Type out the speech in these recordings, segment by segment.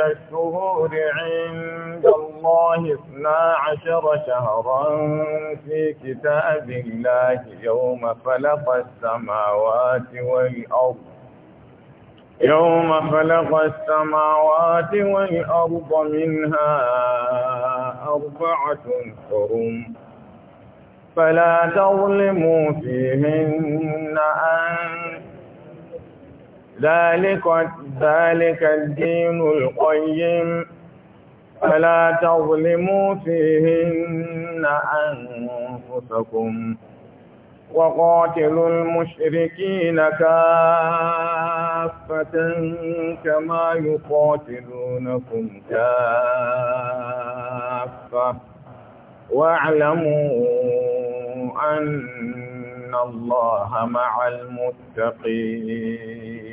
الشهور عند الله اثنا عشر شهرا في كتاب الله يوم خلق السماوات والأرض يوم خلق السماوات والأرض منها أربعة حرم فلا تظلموا فيهن أن ذلك ذلك الدين القيم فلا تظلموا فيهن أنفسكم وقاتلوا المشركين كافة كما يقاتلونكم كافة واعلموا أن الله مع المتقين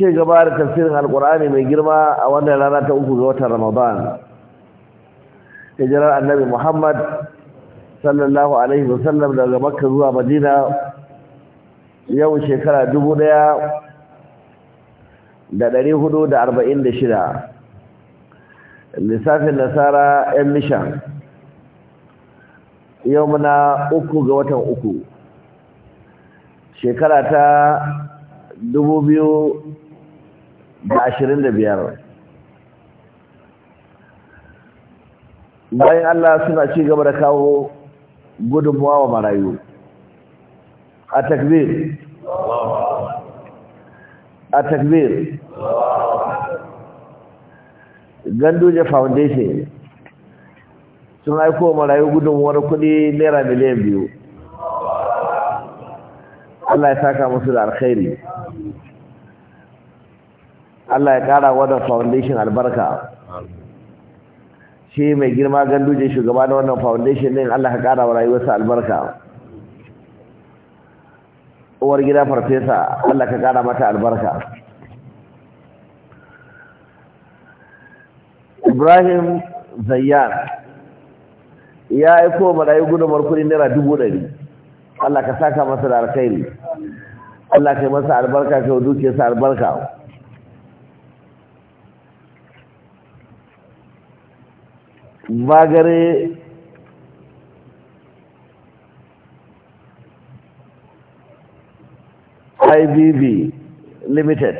ce gaba da tafsirin alkur'ani mai girma a wannan rana ta uku ga watan ramadan hijirar annabi muhammad sallallahu alaihi wasallam daga makka zuwa madina yau shekara dubu daya da dari hudu da arba'in da shida lissafin nasara yan mishan yau muna uku ga watan uku shekara ta dubu biyu da ashirin da biyar bayan Allah suna ci gaba da kawo gudunmuwa wa marayu a takbir a takbir ganduje foundation sun aiko marayu gudunmuwar kudi naira miliyan biyu Allah ya saka musu da alkhairi Allah ya kara wa da foundation albarka shi mai girma ganduje shugaba na wannan foundation din Allah ya kara wa rayuwarsa albarka uwar gida farfesa Allah ka kara mata albarka Ibrahim Zayyan ya aiko marayu gudumar kudin naira dubu ɗari Allah ka saka masa da alkhairi Allah ka yi masa albarka ka dukiyarsa albarka magare ibb limited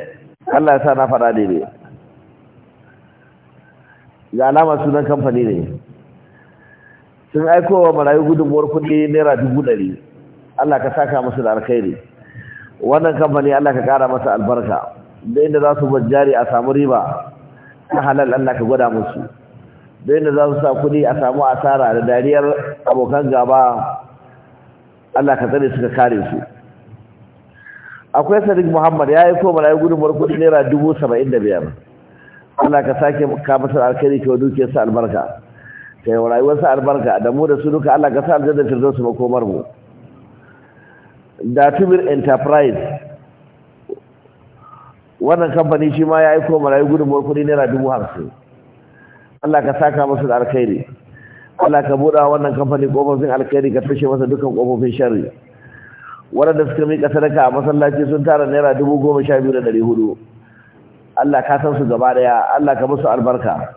allah ya sa na faɗa daidai ga alama sunan kamfani ne sun aiko wa marayu gudunmuwar kuɗi naira dubu ɗari allah ka saka musu da alkhairi wannan kamfani allah ka kara masa albarka da inda za su jari a samu riba ta halal allah ka gwada musu da yadda za su sa kuɗi a samu asara da dariyar abokan gaba Allah ka tsare suka kare su akwai sadiq muhammad ya yi koma rayu gudunmuwar kuɗi naira dubu saba'in da biyar Allah ka sake kamatar alkhairi ka sa albarka kai wa rayuwarsa albarka da mu da su duka Allah ka sa aljanna su makomar mu datumir enterprise wannan kamfani shi ma ya aiko marayu gudunmuwar kuɗi naira dubu hamsin Allah ka saka musu da alkhairi Allah ka buɗa wannan kamfani kofofin alkhairi ka toshe masa dukkan kofofin shari'a. waɗanda suka miƙa sadaka a masallaci sun tara naira dubu goma sha biyu da ɗari hudu Allah ka san su gaba ɗaya Allah ka musu albarka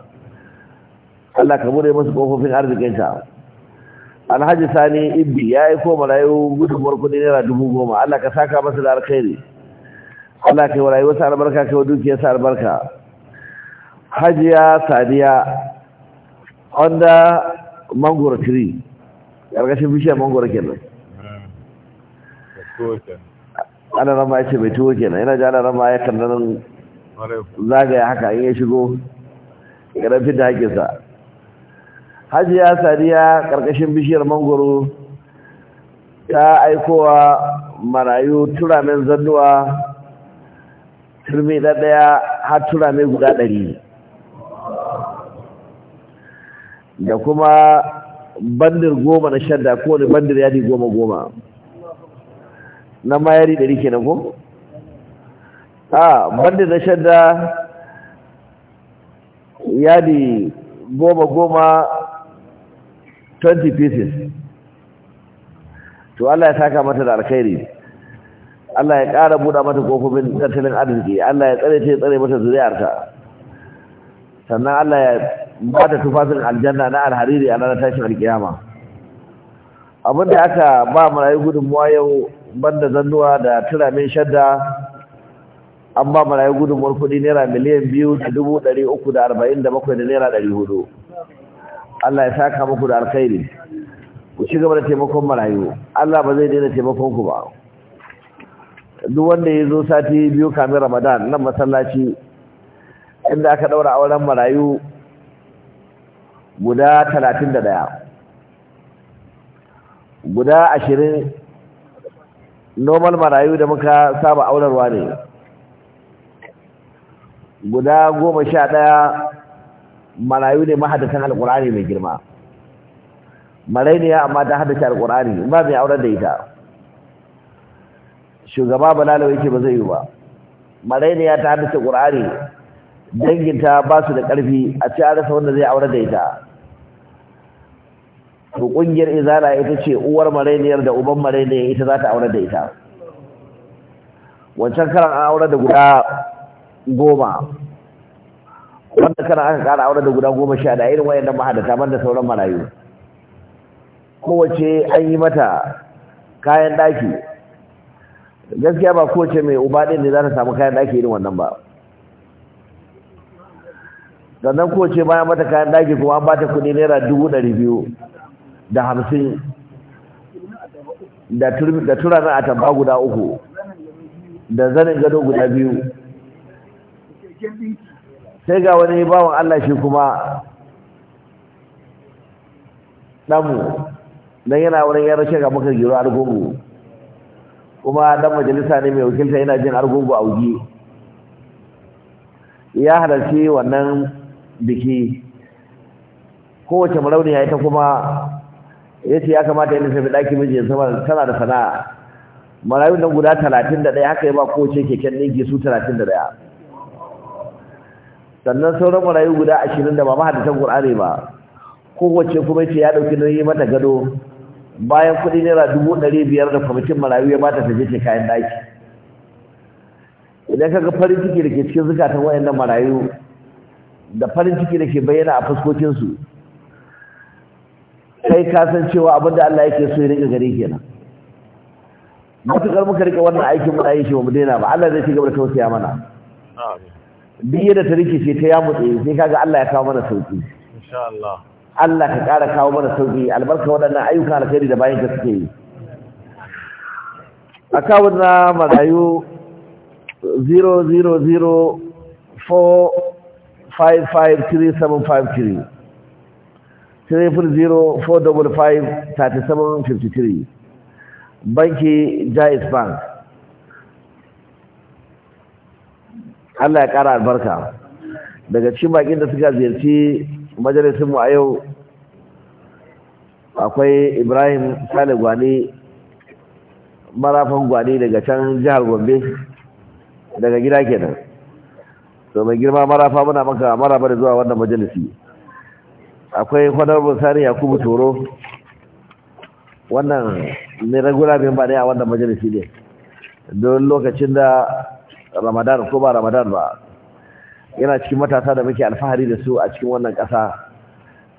Allah ka buɗe musu kofofin arzikinka Alhaji Sani Ibbi ya yi ko malayu gudunmuwar kuɗi naira dubu goma Allah ka saka masa da alkhairi Allah ka yi wa rayuwarsa albarka ka yi wa dukiyarsa albarka hajiya sadiya onda mangoro tree ƙarƙashin bishiyar mangoro kenan hmm. ana rama ya ce mai tuwo kenan yana ji ana rama ya kan nan zagaya haka in ya shigo ƙarfi da haƙinsa hajiya sadiya ƙarƙashin bishiyar mangoro ta aikowa marayu turamen zannuwa turmi ɗaɗɗaya har turame guda ɗari da kuma bandir goma na shadda kowane bandir yadi goma goma na mayari ɗari kenan ko? a bandir na shadda yadi goma goma 20 pieces to Allah ya saka mata da alkhairi Allah ya ƙara buɗa mata kofofin tattalin arziki Allah ya tsare ta tsare mata zuri'arta sannan Allah ya ba da tufafin aljanna na alhariri a ranar tashin alkiyama abinda aka ba marayu gudunmuwa yau banda zannuwa da turamin shadda an ba marayu gudunmuwar kudi naira miliyan biyu da dubu ɗari uku da arba'in da bakwai da naira ɗari hudu Allah ya saka muku da alkhairi ku ci gaba da taimakon marayu Allah ba zai daina taimakon ku ba duk wanda ya zo sati biyu kamin ramadan nan masallaci inda aka ɗaura auren marayu guda talatin da ɗaya guda ashirin normal marayu da muka saba aunarwa ne guda goma sha ɗaya marayu ne mahadatan alkurani mai girma ne amma ta haddace alkurani ba mai aurar da ita shugaba balalawa yake ba zai yi ba ne ya ta haddace alkurani danginta ba su da ƙarfi a ce arasa wanda zai aurar da ita to kungiyar izala ita ce uwar marainiyar da uban marainiyar ita za ta aure da ita wancan karan an aure da guda goma wanda karan aka kara aure da guda goma sha da irin wayannan mahadata man da sauran marayu kowace an yi mata kayan daki gaskiya ba kowace mai uba ɗin ne za ta samu kayan daki irin wannan ba sannan kowace bayan mata kayan daki kuma an ba ta kuɗi naira dubu ɗari biyu da hamsin da turana a tamba guda uku da zanin gado guda biyu sai ga wani bawan Allah shi kuma ɗanmu don yana wani yara rashe ga giro argungu kuma ɗan majalisa ne mai wakilta yana jin argungu a wuji ya halarci wannan biki kowace marauniya ita kuma ya ce ya kamata yana tafi ɗaki miji sama tana da sana'a marayu nan guda talatin da ɗaya haka yaba ba kowace keken ɗinki su talatin da ɗaya sannan sauran marayu guda ashirin da ba mahadatan ƙur'ani ba kowace kuma ce ya ɗauki nauyi mata gado bayan kuɗi naira dubu ɗari biyar da kwamitin marayu ya bata ta ce kayan daki. idan kaga farin ciki da ke cikin zukatan wayannan marayu da farin ciki da ke bayyana a fuskokinsu kai ka san cewa abin da Allah yake so ya rika gare kenan matukar muka rika wannan aikin muna yi shi ba mu daina ba Allah zai ci gaba da tausaya mana duk da ta shi ta ya mutse sai kaga Allah ya kawo mana sauki Allah ka kara kawo mana sauki albarka waɗannan ayyuka alkhairi da bayan ka suke yi akawun na magayu 0004553753 300-455-3753 banki jais bank allah ya kara albarka daga cikin bakin da suka ziyarci majalisunmu a yau akwai ibrahim sale gwani marafan gwani daga can jihar gombe daga gida kenan to mai girma marafa muna maka maraba da zuwa wannan majalisi akwai honorable ya yakubu toro wannan ne regular member ne a wannan majalisi ne don lokacin da ramadan ko ba ramadan ba yana cikin matasa da muke alfahari da su a cikin wannan kasa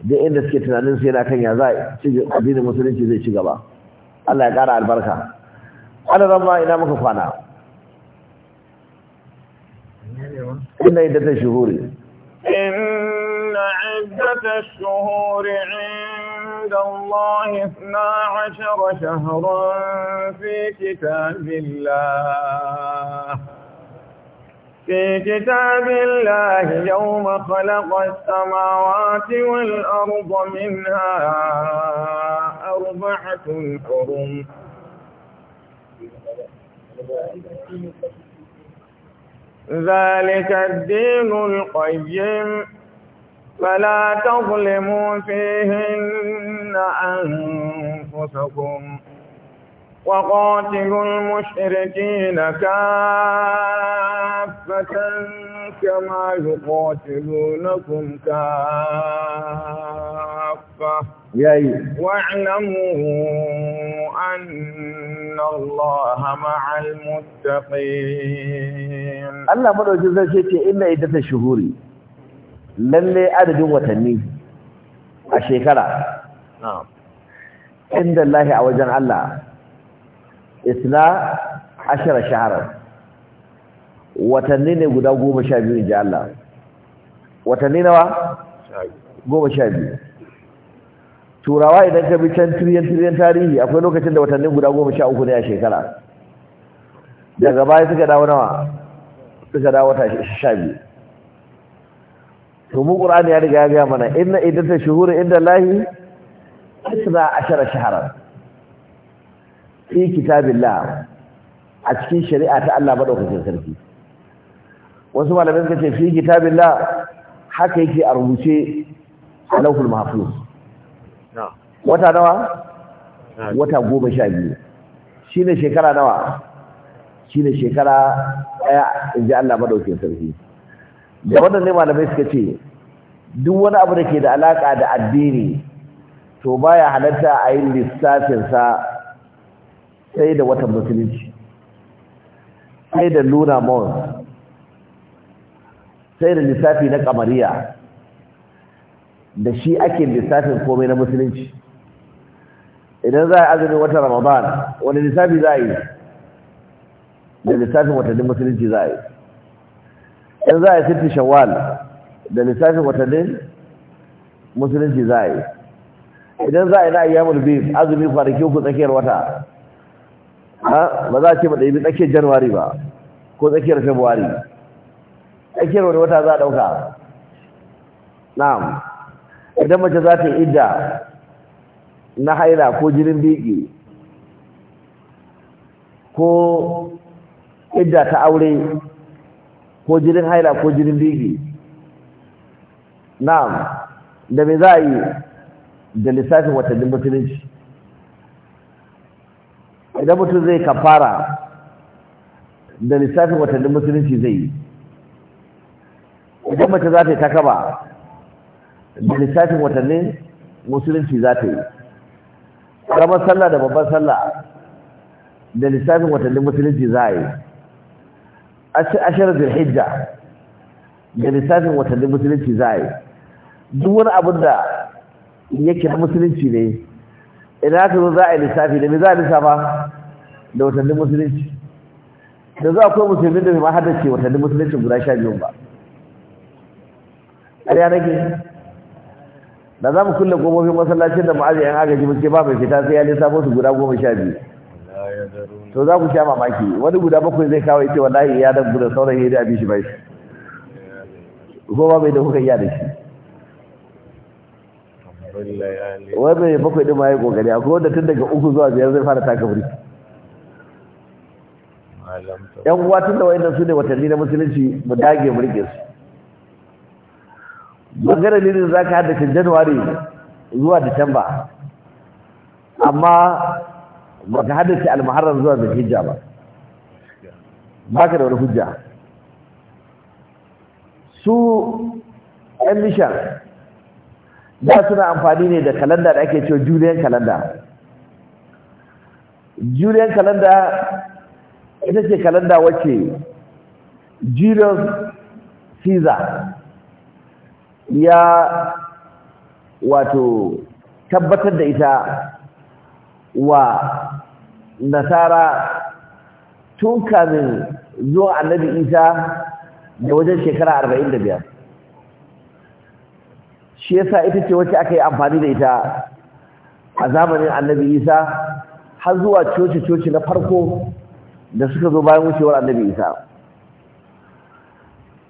duk inda suke tunanin su yana kan ya za da musulunci zai ci gaba Allah ya kara albarka ana zama ina muka kwana inda yadda ta shuhuri إن عدة الشهور عند الله اثنا عشر شهرا في كتاب الله في كتاب الله يوم خلق السماوات والأرض منها أربعة حرم ذلك الدين القيم فلا تظلموا فيهن أنفسكم وقاتلوا المشركين كافة كما يقاتلونكم كافة واعلموا أن الله مع المتقين الله مدعو جزا شيء إلا إدة الشهور للي أدد وتنيه الشيكرة نعم عند الله أوجن الله isna ashara shaharar watanni ne guda goma sha biyu inji Allah watanni nawa goma sha biyu turawa idan ka bi can tiriyan tiriyan tarihi akwai lokacin da watanni guda goma sha uku ne a shekara daga baya suka dawo nawa suka dawo wata sha biyu to mu qur'ani ya riga ya gaya mana inna iddatash shuhuri inda lahi isna ashara shaharar fi kitabillah a cikin shari'a ta Allah madaukakin sarki wasu malamai suka ce fi kitabillah haka yake a rubuce a lauhul mahfuz wata nawa wata goma sha biyu shine shekara nawa shine shekara daya in ji Allah madaukakin sarki da wannan ne malamai suka ce duk wani abu da ke da alaka da addini to baya halatta a yin lissafinsa. sai da watan musulunci sai da luna month sai da lissafi na kamariya da shi ake lissafin komai na musulunci idan za a azumin watan ramadan wani lissafi za a yi da lissafin watannin musulunci za a yi in za a yi sirti shawwal da lissafin watannin musulunci za a yi idan za a yi na ayyamul bib azumi kwanaki uku tsakiyar wata ba za a ce maɗaibi tsakiyar januwari ba ko tsakiyar februari tsakiyar wani wata za a ɗauka na'am idan mace za ta yi idda na haila ko jinin biki ko idda ta aure ko jinin haila ko jinin biki na'am da me za a yi da lissafin watannin mutuninci idan mutum zai kafara da lissafin watannin musulunci zai yi idan mace za ta yi takaba da lissafin watannin musulunci za ta yi ƙaramar sallah da babban sallah da lissafin watannin musulunci za a yi ashirar zirhijja da lissafin watannin musulunci za a yi duk wani abin da yake na musulunci ne idan aka zo za a yi lissafi da me za a lissafa da watannin musulunci da za akwai musulmin da ma ce watannin musulunci guda sha biyun ba a yana ke da za mu kulle gobobin masallacin da ma'azi yan agaji muke ba mai fita sai ya lissafo su guda goma sha biyu to za ku sha mamaki wani guda bakwai zai kawo ita wallahi ya dan gudan sauran hidda abin shi ba shi ko ba mai da kuka yi da shi wannan ya bakwai ɗin ma ya ƙoƙari akwai wanda tun daga uku zuwa biyar zai fara taka birki yan uwa tun da wayannan su ne watanni na musulunci mu dage mu rike su bangaren ne za ka cin januwari zuwa disamba amma ba ka ce almaharar zuwa hijja ba ba ka da wani hujja su yan mishan da suna amfani ne da kalanda da ake cewa julian kalanda julian kalanda ita ce kalanda wacce julius caesar ya wato tabbatar da ita wa nasara tun kamin zuwa annabi isa da wajen shekara arba'in da biyar shi yasa ita ce wacce aka yi amfani da ita a zamanin annabi isa har zuwa coci-coci na farko da suka zo bayan wucewar annabi isa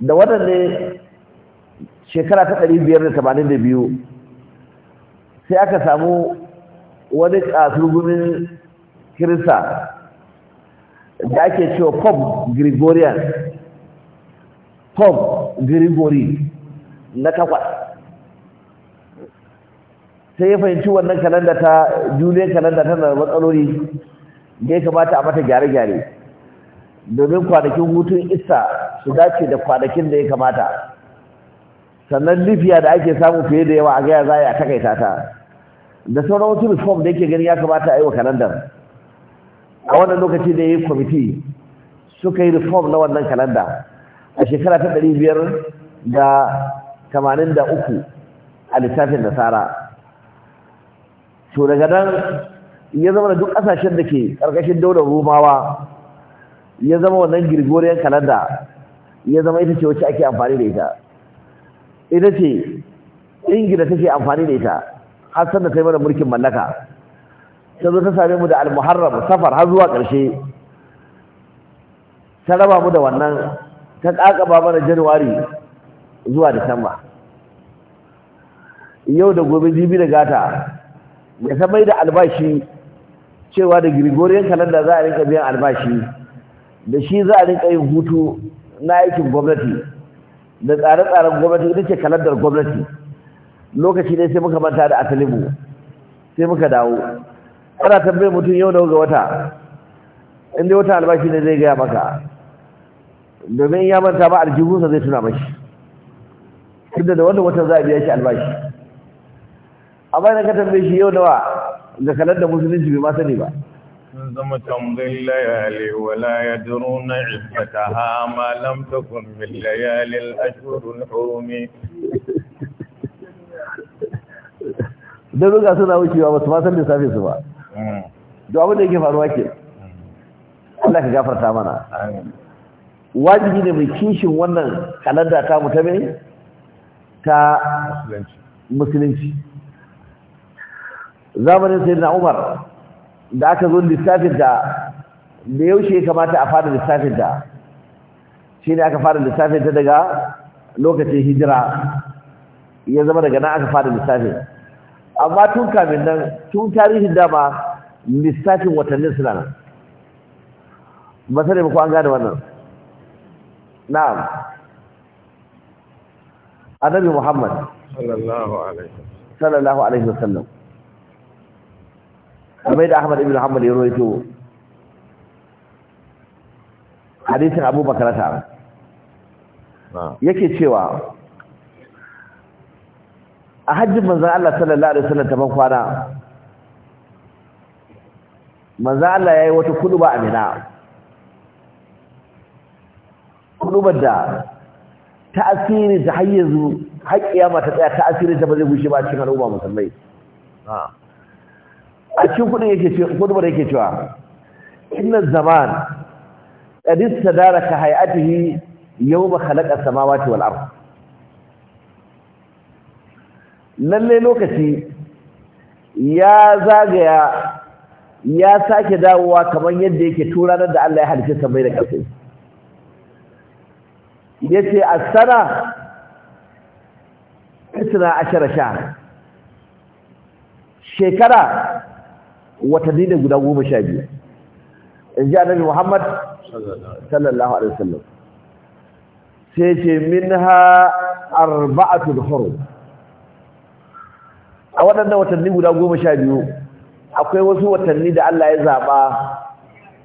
da waɗanne shekara ta ɗari biyar da da biyu, sai aka samu wani ƙasurgumin kirista da ake cewa pope gregorian pope gregory na takwas sai ya fahimci wannan kalanda ta juliyan kalanda tana da matsaloli da ya kamata a mata gyare-gyare domin kwanakin hutun isa su dace da kwanakin da ya kamata sannan lifiya da ake samu fiye da yawa a gaya za a yi takaita ta da sauran wasu reform da yake gani ya kamata a yi wa kalandar a wannan lokaci da ya yi kwamiti suka yi reform na wannan kalanda a shekara ta ɗari biyar da tamanin da uku a lissafin nasara to daga nan ya zama da duk ƙasashen da ke ƙarƙashin daular rumawa ya zama wannan girgoriyar kalanda ya zama ita ce wacce ake amfani da ita ita ce ingila take amfani da ita har sanda ta yi mana mulkin mallaka ta zo ta same mu da almuharram safar har zuwa ƙarshe ta raba mu da wannan ta ƙaƙaba mana januwari zuwa disamba yau da gobe jibi da gata ya ta mai da albashi cewa da Gregorian calendar za a rinka biyan albashi da shi za a rinka yin hutu na aikin gwamnati da tsare-tsaren gwamnati ita ce kalandar gwamnati lokaci ne sai muka manta da asalimu sai muka dawo ana tambayar mutum yau da ga wata inda wata albashi ne zai gaya maka domin ya manta ba aljihunsa zai tuna mashi tunda da wannan watan za a biya shi albashi amma idan ka tambaye shi yau nawa ga kalar da musulunci bai ma sani ba sun zama tambayin layali wala ya duru na ibbata ha ma lam takun min layalil ashirin hurumi da zuga suna wucewa ba su ma san lissafin su ba hmm. da abin da yake faruwa ke hmm. Allah ka gafarta mana wajibi ne mai kishin wannan kalanda ta mutane ta musulunci zamanin na Umar da aka zo lissafin da da yaushe ya kamata a fara lissafin da shi ne aka fara lissafin ta daga lokacin hijira ya zama daga nan aka fara lissafin amma tun kamin nan tun tarihin dama lissafin watannin suna nan ba ko an gane wannan na'am annabi muhammad sallallahu alaihi wasallam kamar da Ahmad ibn Hanbal ya rawaito hadisin Abu Bakar ta yake cewa a hajjin manzon Allah sallallahu alaihi wasallam ta ban kwana manzon Allah yayi wata kuduba a Mina kudubar da ta asiri ta har yanzu har kiyama ta tsaya ta asiri ta ba zai gushe ba cikin al'umma musulmai a cikin kudin yake cewa kudubar yake cewa inna zaman qad istadaraka hay'atihi yawma khalaqa samawati wal ard lalle lokaci ya zagaya ya sake dawowa kamar yadda yake turanar da Allah ya halice sabai da ƙarfi yace asara sana isna ashara shekara watanni da guda goma sha biyu in ji annabi muhammad sallallahu alaihi wasallam sai ce ha arba'atul hurum a waɗannan watanni guda goma sha biyu akwai wasu watanni da Allah ya zaɓa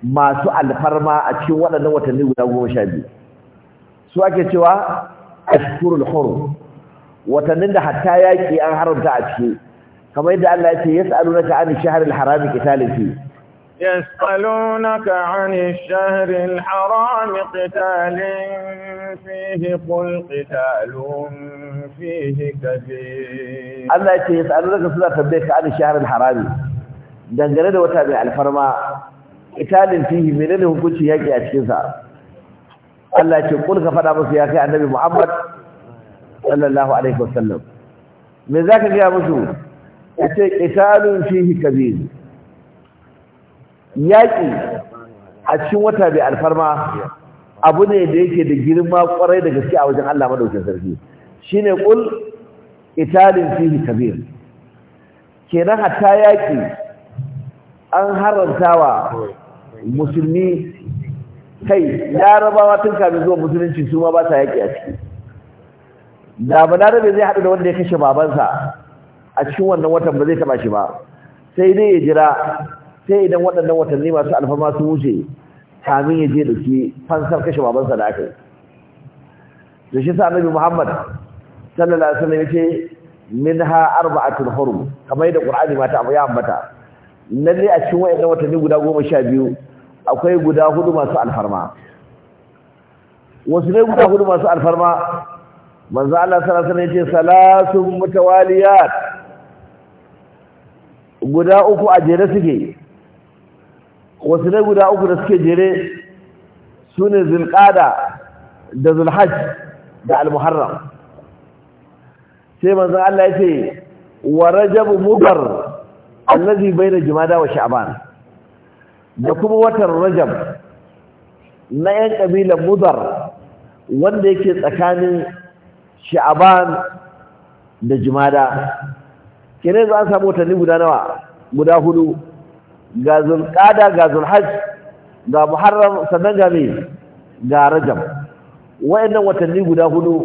masu alfarma a cikin waɗannan watanni guda goma sha biyu su ake cewa ashkurul hurum watannin da hatta yaƙi an haramta a ciki كما يدعى الله يسألونك عن الشهر الحرام قتال فيه يسألونك عن الشهر الحرام قتال فيه قل قتال فيه كثير الله يسألونك صلى الله عن الشهر الحرام دنجرد وتابع الفرما قتال فيه من أنه كنت يجي أشكسا الله يقول فلا بس ياكي النبي محمد صلى الله عليه وسلم من ذاك يا مشهور yace qitalun fihi kabir yaki a cikin wata bai alfarma abu ne da yake da girma kwarai da gaske a wajen Allah madaukakin sarki shine kul qitalun fihi kabir kenan hatta yaki an haramtawa musulmi kai larabawa tun kafin zuwa musulunci su ma ba sa yaki a ciki da balarabe zai haɗu da wanda ya kashe babansa a cikin wannan watan ba zai taba shi ba sai dai ya jira sai idan waɗannan watanni masu alfama sun wuce kamin ya je dauki fansar kashe babansa da aka yi da shi sa annabi Muhammad sallallahu alaihi wasallam yace minha arba'atul hurum kamar yadda Qur'ani ma ta ya ambata lalle a cikin wannan watanni guda 12 akwai guda hudu masu alfarma wasu ne guda hudu masu alfarma manzo Allah sallallahu alaihi wasallam yace Salasun mutawaliyat guda uku a jere suke wasu ne guda uku da suke jere su ne zulƙada da zulhaj da almuharram sai manzan Allah ya ce wa rajab mugar allazi baina jumada wa sha'ban da kuma watan rajab na yan kabila mudar wanda yake tsakanin sha'ban da jumada kenan za an samu watanni guda nawa guda hudu ga zulqada ga zulhaj ga muharram sannan ga me ga rajab wayannan watanni guda hudu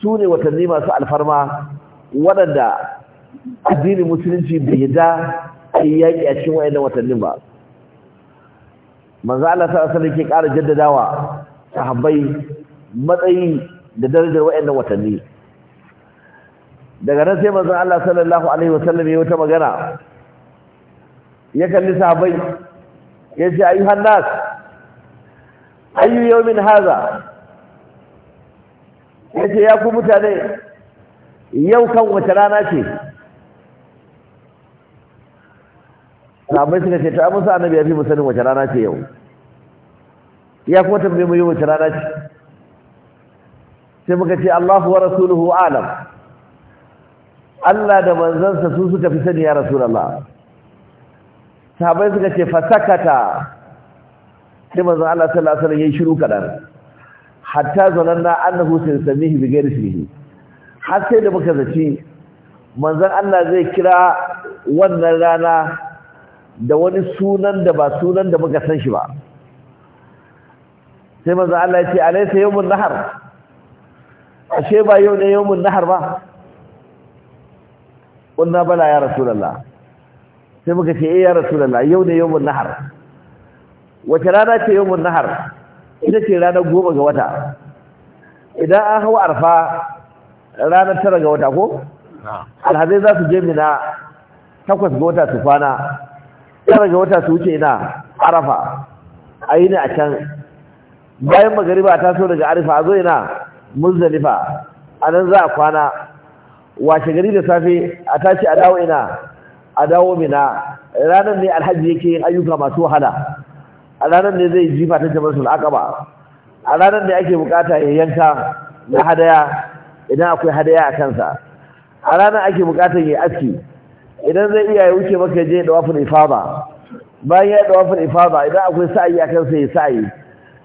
su ne watanni masu alfarma waɗanda addinin musulunci bai yadda a yaƙi a cikin wayannan watannin ba manzo Allah alaihi wasallam ke ƙara jaddadawa sahabbai matsayi da darajar wayannan watanni daga nan sai manzon Allah sallallahu alaihi wasallam ya wata magana ya kalli sahabbai ya ce ayu hannas ayu yawmin haza ya ce ya ku mutane yau kan wace rana ce sahabbai suka ce ta amsa annabi ya fi mu sanin wace rana ce yau ya kuma tambaye mu yau wace rana ce sai muka ce Allahu wa rasuluhu alam Allah da manzansa su suka fi sani ya rasulullah sahabai suka ce fasakata sai manzon Allah sallallahu alaihi wasallam yayi shiru kadan hatta zananna annahu sansamihi bi ghairi ismihi har sai da muka zaci manzon Allah zai kira wannan rana da wani sunan da ba sunan da muka san shi ba sai manzon Allah ya ce alaysa yawmun nahar ashe ba yau ne yawmun nahar ba Ƙunna bala ya lalla, sai muka ce ya rasu lalla. yau ne yawmun nahar wace rana ce yawmun nahar ita ce ranar goma ga wata idan an hau arfa ranar tara ga wata ko alhazai za su je mina takwas ga wata su kwana tara ga wata su wuce ina arafa a yi ne a can bayan magariba ta so daga arifa a zo ina muzdalifa a nan za a kwana washe gari da safe a tashi a dawo ina a dawo mina ranar ne alhaji yake yin ayyuka masu wahala a ranar ne zai jifa ta jamarsul akaba a ranar ne ake bukata ya yanka na hadaya idan akwai hadaya a kansa a ranar ake bukata ya aski idan zai iya wuce maka je da wafin ifaba? bayan ya da wafin ifaba idan akwai sa'ayi a kansa ya sa'ayi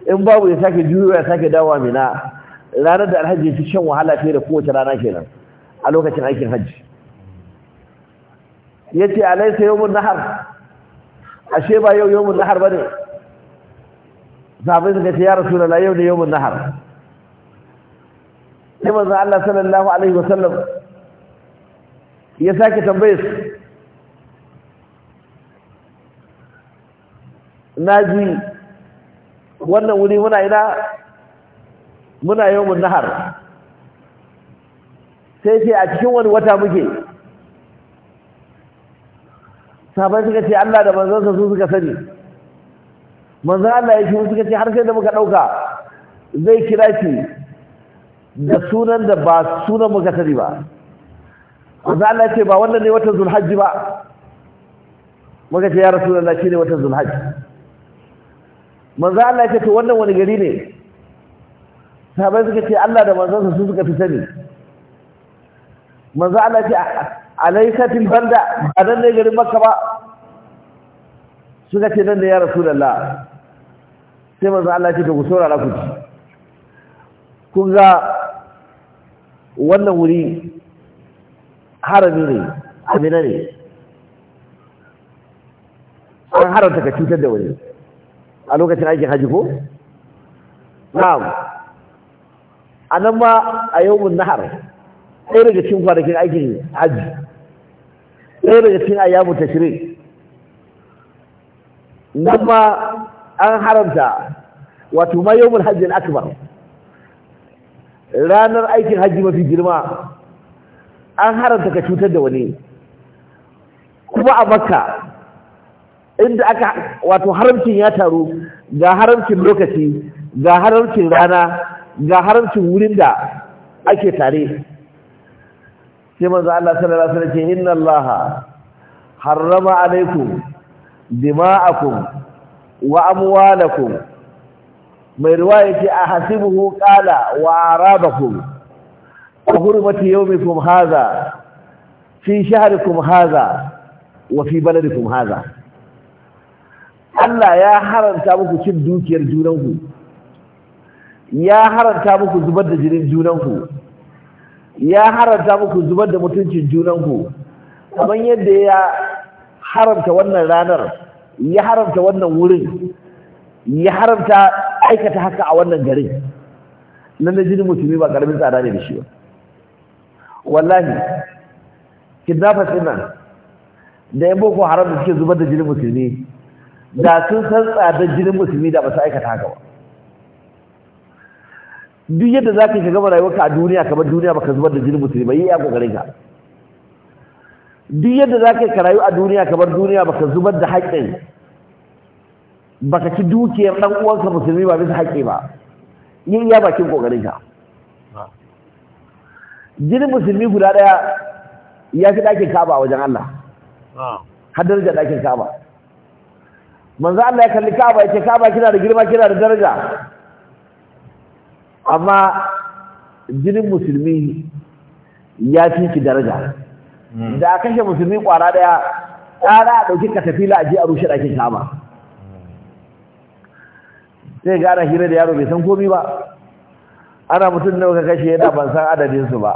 in babu ya sake juyo ya sake dawowa mina ranar da alhaji ya fi shan wahala fiye da kowace rana kenan a lokacin aikin hajji ya ce alaisa mun nahar ashe ba yau mun nahar ba ne sahabai suka ce ya rasu da yau ne yawon nahar sai manzan Allah sallallahu Alaihi wasallam ya sake tambaye su na ji wannan wuri muna ina muna mun nahar sai ce a cikin wani wata muke sabai suka ce Allah da manzansa su suka sani manzan Allah ya shiru suka ce har sai da muka ɗauka zai kira ki da sunan da ba sunan muka sani ba manzan Allah ya ce ba wannan ne watan zulhajji ba muka ce ya rasu da shi ne watan zulhajji manzan Allah ya ce to wannan wani gari ne sabai suka ce Allah da manzansa su suka fi sani manzo Allah ce a laisatin banda a nan ne garin makka ba suka ce nan da ya rasulullah sai manzo Allah ce to ku saurara ku ci kun ga wannan wuri harami ne amina ne an haramta ka cutar da wani a lokacin aikin hajji ko? na'am a nan ma a yau mun na nahar ɗaya daga cikin kwanakin aikin hajji ɗaya daga cikin ayyamu tashri nan ma an haramta wato ma yawmul hajji akbar ranar aikin hajji mafi girma an haramta ka cutar da wani kuma a makka inda aka wato haramcin ya taru ga haramcin lokaci ga haramcin rana ga haramcin wurin da ake tare سيمنذ الله صلى الله عليه وسلم إن الله حرم عليكم دماءكم وأموالكم من رواية أحسبه قال وأعرابكم وغرمة يومكم هذا في شهركم هذا وفي بلدكم هذا الله يا حرم تابوك دوكي يرجونه يا حرم تابوك زبد جرين جونه ya haranta muku zubar da mutuncin junanku kamar yadda ya haramta wannan ranar ya haramta wannan wurin ya haramta aikata haka a wannan garin nan da jini musulmi ba karamin tsada ne da shi ba wallahi kidnappers ina nan da yan boko haram da suke zubar da jinin musulmi da sun san tsadar jinin musulmi da ba su aikata haka ba duk yadda za ka yi ka gama rayuwarka a duniya kamar duniya baka zubar da jini musulmi yi ya kokarin ka duk yadda za ka yi ka rayu a duniya kamar duniya baka zubar da haƙƙin baka ci dukiyar ɗan uwanka musulmi ba bisa haƙƙi ba yi iya bakin kokarin ka jini musulmi guda ɗaya ya fi ɗakin kaba a wajen Allah har darajar ɗakin kaba manzo Allah ya kalli kaba yake kaba kina da girma kina da daraja amma jinin musulmi ya fi ki daraja hmm. da a kashe musulmi kwara daya tsara a ɗauki katafila a je a rushe ɗakin kama sai gara hira da yaro bai san komi ba ana mutum nawa ka kashe yana ban san adadinsu ba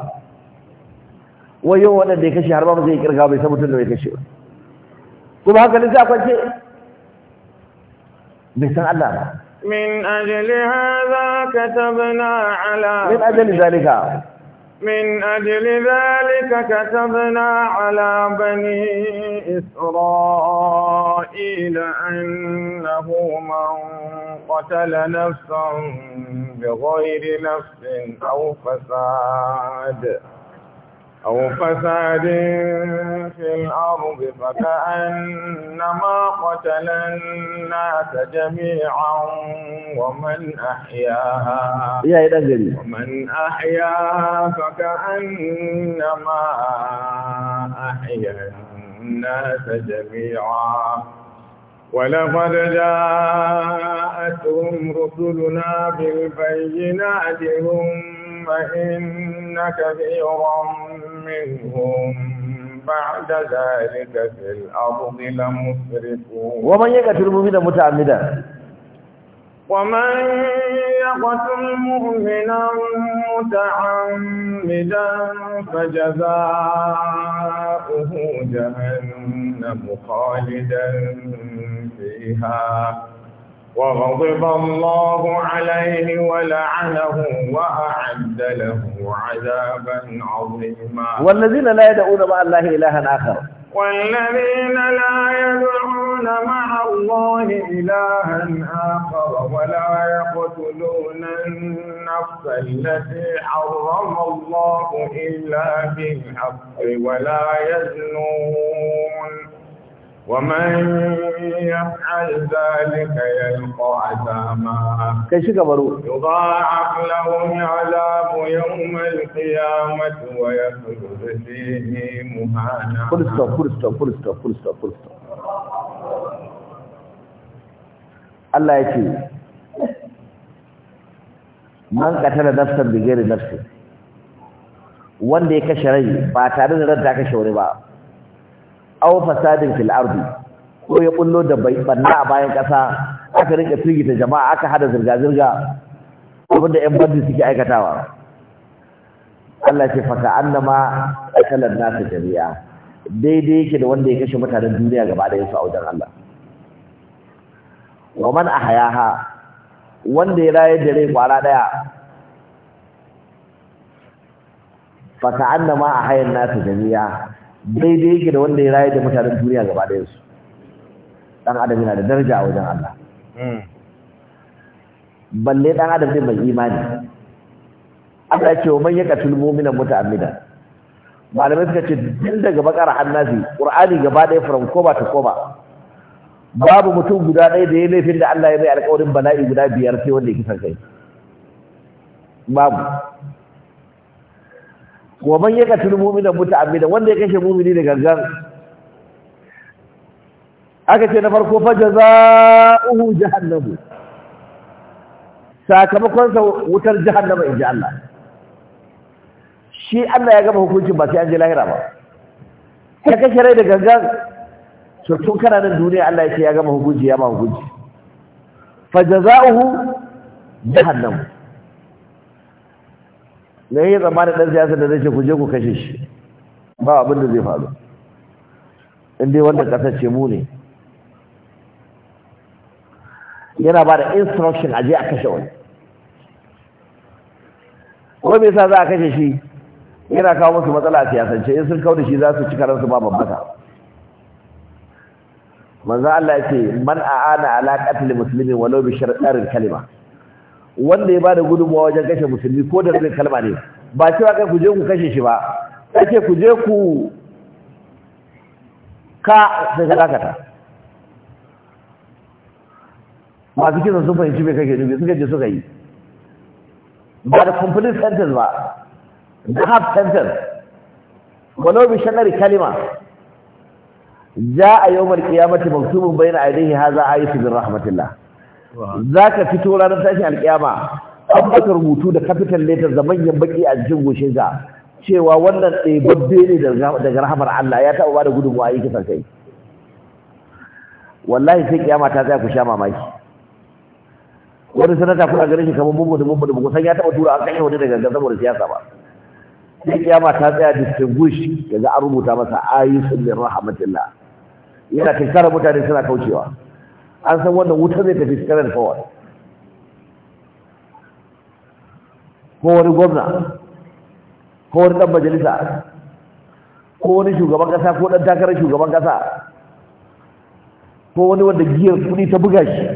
wai waɗanda ya kashe har ba zai kirga bai san mutum da bai kashe ba kuma hankali sai a kwance bai san Allah ba من أجل هذا كتبنا على من أجل ذلك من أجل ذلك كتبنا على بني إسرائيل أنه من قتل نفسا بغير نفس أو فساد أو فساد في الأرض فكأنما قتل الناس جميعا ومن أحياها ومن أحياها فكأنما أحيا الناس جميعا ولقد جاءتهم رسلنا بالبينات هم ثم إن كثيرا منهم بعد ذلك في الأرض لمسرفون ومن يقتل مؤمنا متعمدا ومن يقتل مؤمنا متعمدا فجزاؤه جهنم خالدا فيها وغضب الله عليه ولعنه وأعد له عذابا عظيما والذين لا يدعون مع الله إلها آخر والذين لا يدعون مع الله إلها آخر ولا يقتلون النفس التي حرم الله إلا بالحق ولا يزنون ومن يفعل ذلك يلقى عذاما يضاعف له العذاب يوم القيامة ويخلد فيه مهانا فرصة فرصة فرصة فرصة فرصة الله يكي من قتل نفسا بغير نفسه wanda ya kashe rai ba tare da ranta kashe wani ba au fasadin fil ardi ko ya kullo da banna a bayan kasa aka rinka firgita jama'a aka hada zirga zirga da yan bandi suke aikatawa Allah ce faka annama akalan nasu jami'a daidai yake da wanda ya kashe mutanen duniya gaba da yansu a wajen Allah wa man ahyaha wanda ya rayar da rai kwara daya faka annama ahyan nasu jami'a daidai yake da wanda ya raye da mutanen duniya gaba da yansu dan adam yana da daraja a wajen Allah hmm. balle dan adam ne mai imani Allah ya ce wa man katul mu'mina muta'ammidan malamai suka ce tun daga bakar annasi qur'ani gaba ɗaya from koba ta koba babu mutum guda ɗaya da ya laifin da Allah ya bai alƙawarin bala'i guda biyar sai wanda ya kisan kai babu wa man yaqtul mu'mina muta'ammidan wanda ya kashe mu'mini da gangan aka ce na farko fa jazaohu jahannamu sakamakon sa wutar in inji Allah shi Allah ya gaba hukuncin ba sai an je lahira ba ka kashe rai da gangan to tun kana nan duniya Allah ya ce ya gama hukunci ya ma hukunci fa jazaa'uhu jahannam Na ya tsammanin ɗan siyasa da zai ce ku je ku kashe shi ba abin da zai faru in dai wanda ƙasar ce mu ne yana ba da instruction a je a kashe wani ko me yasa za a kashe shi yana kawo musu matsala a siyasance in sun kawo da shi za su ci karansu ba babbata manzo Allah ya ce man aana ala qatl muslimin walau bi shar'ar kalima wanda ya bada gudunmawa wajen kashe musulmi ko da zai kalma ne ba cewa kai ku je ku kashe shi ba kace ku je ku ka sai ka dakata masu kisan sun fahimci mai kake nufi suka je suka yi ba da complete sentence ba da half sentence walau bi shanar kalima ja a yawmar qiyamati maktubun bayna a yi ayatu bin rahmatullah. za ka fito ranar tashin alƙiyama an baka rubutu da capital letter, da manyan baki a jikin goshin ka cewa wannan ɗebabbe ne daga rahamar Allah ya taɓa ba da gudunmuwa yi kisan kai wallahi sai kiyama ta zai ku sha mamaki wani sanata kuna ganin shi kamar bumbu da bumbu da kusan ya taɓa tura an kashe wani daga saboda siyasa ba sai kiyama ta tsaya distinguish daga an rubuta masa ayyukan sun min rahmatillah yana tinkara mutane suna kaucewa an san wannan wuta zai tafi shekarar kawai ko wani gwamna ko wani ɗan majalisa ko wani shugaban ƙasa ko ɗan takarar shugaban ƙasa ko wani wanda giyar kuɗi ta buga shi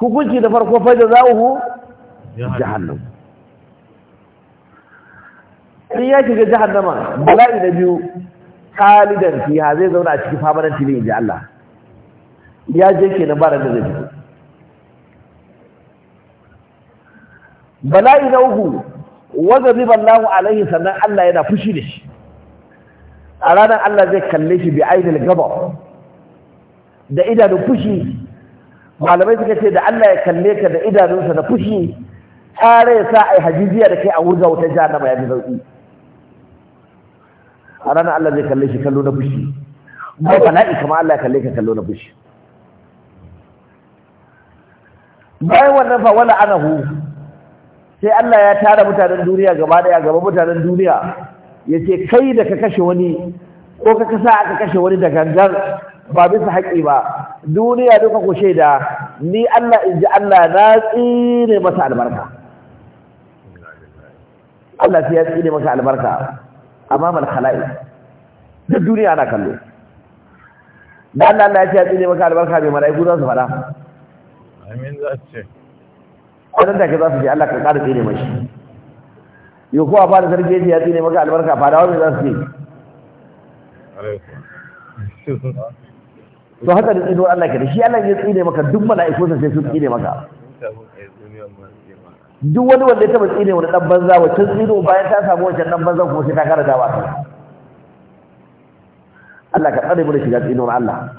hukunci da farko faida za'uhu jahannam in ya shiga jahannama bala'i na biyu khalidan fiha zai zauna a cikin famanan tilin inji Allah ya je kenan ba da zai fito bala'i na uku wanda Ballahu alaihi sannan Allah yana fushi da shi a ranar Allah zai kalle shi bi ainihin gaba da idanun fushi malamai suka ce da Allah ya kalle ka da idanunsa na fushi tsara ya sa a yi hajijiya da kai a wurga wutar jihar na mai sauki a ranar Allah zai kalle shi kallo na fushi ba bala'i kamar Allah ya kalle ka kallo na fushi bayan wannan fa wala anahu sai Allah ya tara mutanen duniya gaba daya gaba mutanen duniya ya ce kai da ka kashe wani ko ka kasa aka kashe wani da gangan ba bisa haƙƙi ba duniya duka ko shaida ni Allah in ji Allah na tsire masa albarka Allah sai ya tsire masa albarka amamar khala'i da duniya ana kallo da Allah Allah ya ce ya tsine maka albarka mai mala'iku za su fara amin za su ce wannan da ke za su ce Allah ka kada tsine mashi yau kuwa fara sarki ya tsine maka albarka fadawa mai za su ce to haka da tsino Allah ke da shi Allah ya tsine maka duk mala'ikunsa sai sun tsine maka duk wani wanda ya taba tsine wani dan banza wa wacce tsino bayan ta samu wancan dan banza ko sai ta kara dawa Allah ka tsare mu da shiga tsinon Allah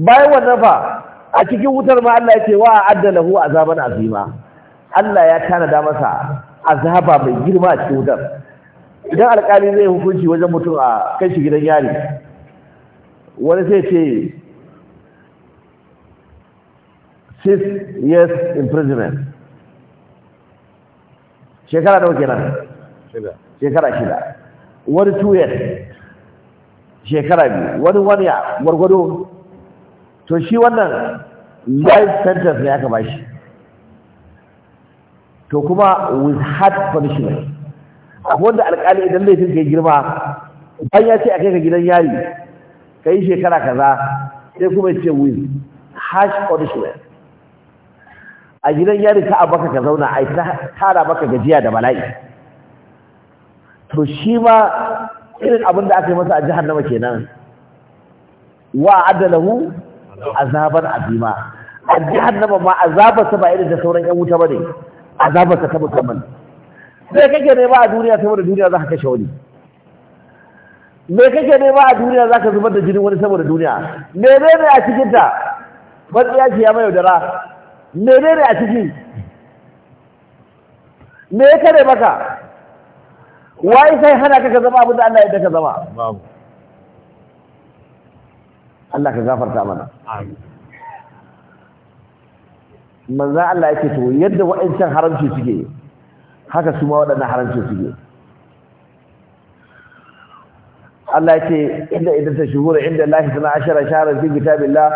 bayan wannan fa a cikin wutar ma Allah yake wa addalahu azaban azima Allah ya tanada masa azaba mai girma a cikin wutar idan alƙali zai hukunci wajen mutum a kai shi gidan yari wani sai ce six years imprisonment shekara wake kenan shekara shida wani two years shekara biyu wani one year gwargwado to shi wannan life sentence ne aka shi to kuma with hard punishment wanda alkali idan laifin ka yi girma bayan ya ce a kai ka gidan yari ka yi shekara kaza sai kuma ce with harsh punishment a gidan yari ka abaka ka zauna a ta tara maka gajiya da bala'i to shi ma irin abin da aka yi masa a jahannama kenan wa adalahu azaban azima a jahannama ma sa ba irin da sauran yan wuta bane sa ta musamman sai kake ba a duniya saboda duniya za ka kashe wani me kake ba a duniya za ka zubar da jinin wani saboda duniya me ne a cikinta ya ce ya mai ne a ciki me ya kare maka wai sai hana ka zama abin da Allah ya ka zama Allah ka gafarta mana manzan Allah ya ce to yadda waɗancan haramci suke haka su ma waɗannan haramci suke Allah ya ce inda idan ta shuhura inda Allah tana ashara sharar fi kitabillah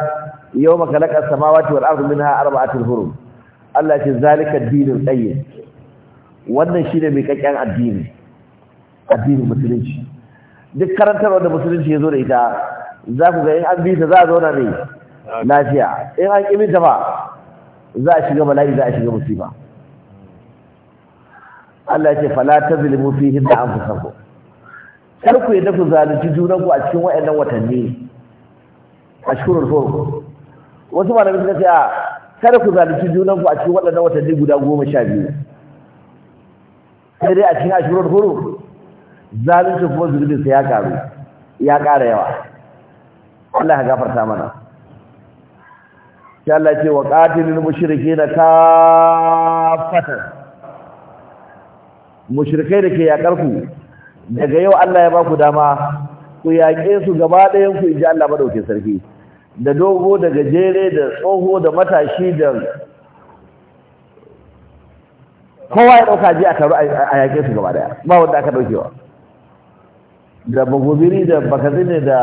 yawma khalaqa samawati wal ardi minha arba'atul hurum Allah ya ce zalika dinul qayyim wannan shine mai kakken addini addinin musulunci duk karantarwa da musulunci ya zo da ita za ku ga in an bi ta za a zauna ne lafiya in an kimi ta ba za a shiga bala'i za a shiga musiba Allah ya ce fala tazlimu fihi da anfusakum kar ku yadda ku zalunci junanku a cikin waɗannan watanni a shirin farko wasu malamai suka ce a kada ku zalunci junanku a cikin waɗannan watanni guda goma sha biyu sai dai a cikin ashirar huru zalunci kuma sa ya karu ya ƙara yawa Allah ya gafarta mana Allah ce wa qatilul mushrikeena kafatan mushrikai da ke ku. daga yau Allah ya ba ku dama ku yaƙe su gaba ɗayan ku inji Allah maɗauke sarki da dogo da gajere da tsoho da matashi da kowa ya ɗauka ji a taru a yaƙe su gaba ɗaya ba wanda aka ɗaukewa da bagobiri da bakazine da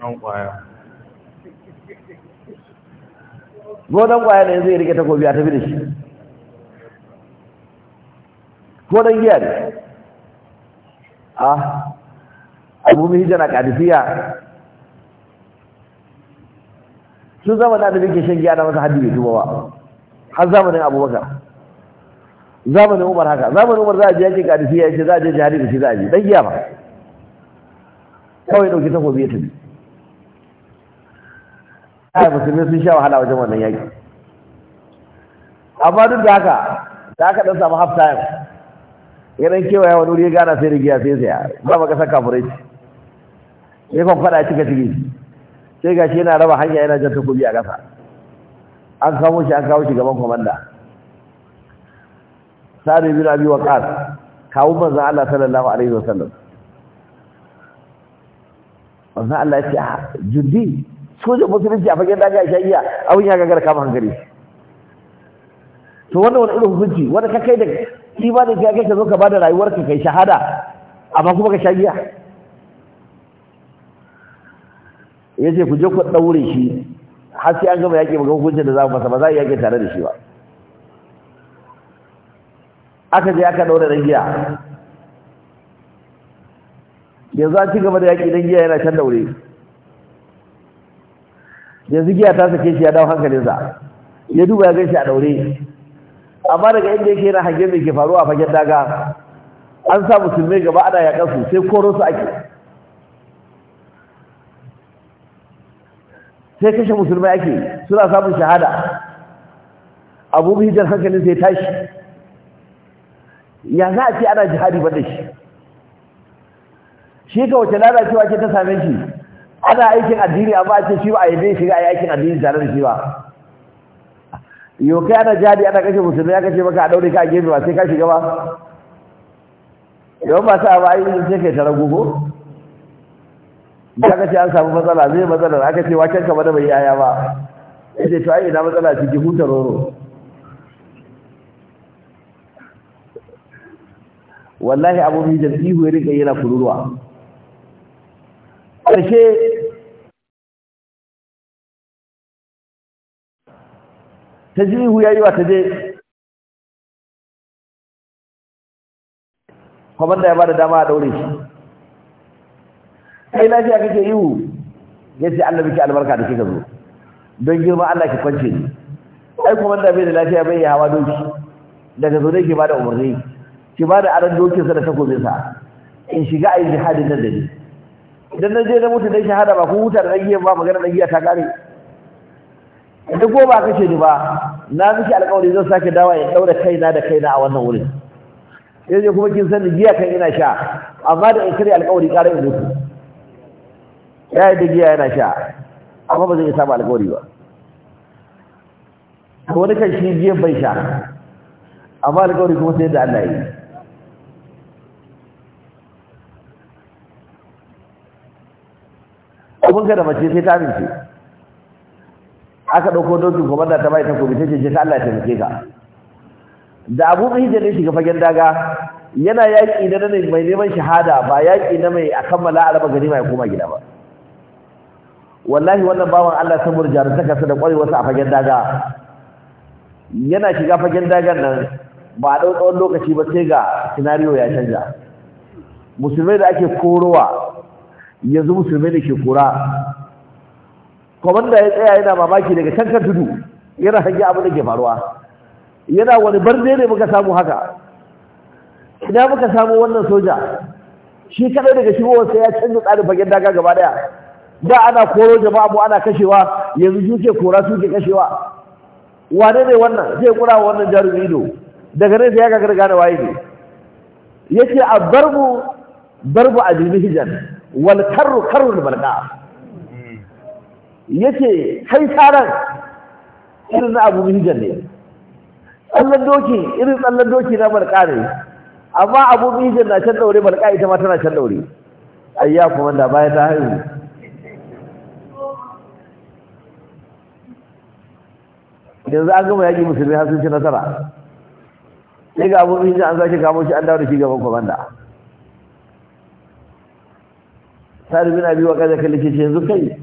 ɗan ƙwaya ne zai rike takobi a tafi da shi ko dan giya ne ah abu mihija na kadifiya sun zama da annabi ke shan giya na masa haddi mai tubawa har zamanin abubakar zamanin umar haka zamanin umar za a je yake kadifiya ya ce za a je jihari da shi za a je dan giya ba kawai dauki takobi ya tafi ai musulmi sun sha wahala wajen wannan yaki amma duk da haka da aka dan samu half time ya kewa kewaya wani wuri ya gana sai rigiya sai saya ba ba kasar kafurai ce ya kan fada cika ciki sai ga shi yana raba hanya yana jan takobi a ƙasa an kawo shi an kawo shi gaban kwamanda sa'adu biyu abi waqas kawo manzon Allah sallallahu alaihi wasallam manzon Allah ya ce ah, jundi sojan musulunci a fagen daga a iya abin ya gagara kama hankali to wannan wani irin hukunci wanda ka kai da ba da shi kai ka zo ka bada rayuwarka kai shahada amma kuma ka sha giya yace ku je ku daure shi har sai an gama yaki ga hukuncin da za mu masa ba za a yaki tare da shi ba aka je aka daure dan giya yanzu an ci gaba da yaƙi dan giya yana can daure yanzu giya ta sake shi ya dawo hankalinsa ya duba ya gaishe a daure amma daga inda yake yana hangen da ke faruwa a fagen daga an sa musulmai gaba ana ya kasu sai koro su ake sai kashe musulmai ake suna samun shahada abu hijar hankalin sai tashi ya za a ce ana jihadi ba da shi shi ka wace lalacewa ce ta same shi ana aikin addini amma a ce shi ba a yi zai shiga a yi aikin addini tare da shi ba yau kai ana jihadi ana kashe musulmi ya kashe maka a daure ka a gefe ba sai ka shiga ba yau ba sa ba yi sai kai tara gugu da aka ce an samu matsala zai matsalar aka ce waken kama da bai yaya ba yace to ai ina matsala ciki huta roro wallahi abu mijin ihu ya rika yana kururuwa ƙarshe ta ji ihu yayi ba ta je kwamanda ya ba da dama a daure shi kai lafiya kake ihu ya ce allah miki albarka da kika zo don girma allah ki kwance ni ai kwamanda bai da lafiya bai ya hawa doki daga zo dai ki ba da umarni ki ba da aron dokinsa da takobinsa in shiga a yi jihadin nan da ni idan na je na mutu na shahada ba ku huta da ɗan ba magana ɗan ta kare da ko ba kashe ni ba na miki alƙawari zan sake dawa ya daura kaina da kaina a wannan wurin yanzu kuma kin san giya kan ina sha amma da in kare alƙawari ƙara in mutu ya yi da giya yana sha amma ba zai saba alƙawari ba to wani kan shi giya bai sha amma alƙawari kuma sai da Allah yi kuma ka da mace sai ta amince aka ɗauko dokin da ta bai ta kobi ta ce Allah ta taimake ka da abu hijjar ne shiga fagen daga yana yaƙi na mai neman shahada ba yaƙi na mai a kammala a mai koma gida ba wallahi wannan bawan Allah saboda saka su da su a fagen daga yana shiga fagen dagan nan ba a ɗau lokaci ba sai ga sinariyo ya canja musulmai da ake korowa yanzu musulmai da ke kora komanda ya tsaya yana mamaki daga can tudu yana hange abin da ke faruwa yana wani barde ne muka samu haka ina muka samu wannan soja shi kadai daga sai ya canza tsarin fagen daga gaba daya da ana koro jama'a mu ana kashewa yanzu ke kora su ke kashewa wane ne wannan zai kura wannan jarumi ido daga nan sai ya gagara gane waye ne yace a barbu barbu a hijan wal karu karru barda Yake kai tsaran irin na abu mihijar ne tsallan doki irin tsallan doki na barka ne amma abu mihijar na can daure barka ita ma tana can daure ayya kuma da baya ta haihu yanzu an gama yaƙi musulmi har sun ci nasara sai ga abu mihijar an sake kamo shi an dawo da shi gaban kwamanda sa'ad bin abi wa kaza kallace yanzu kai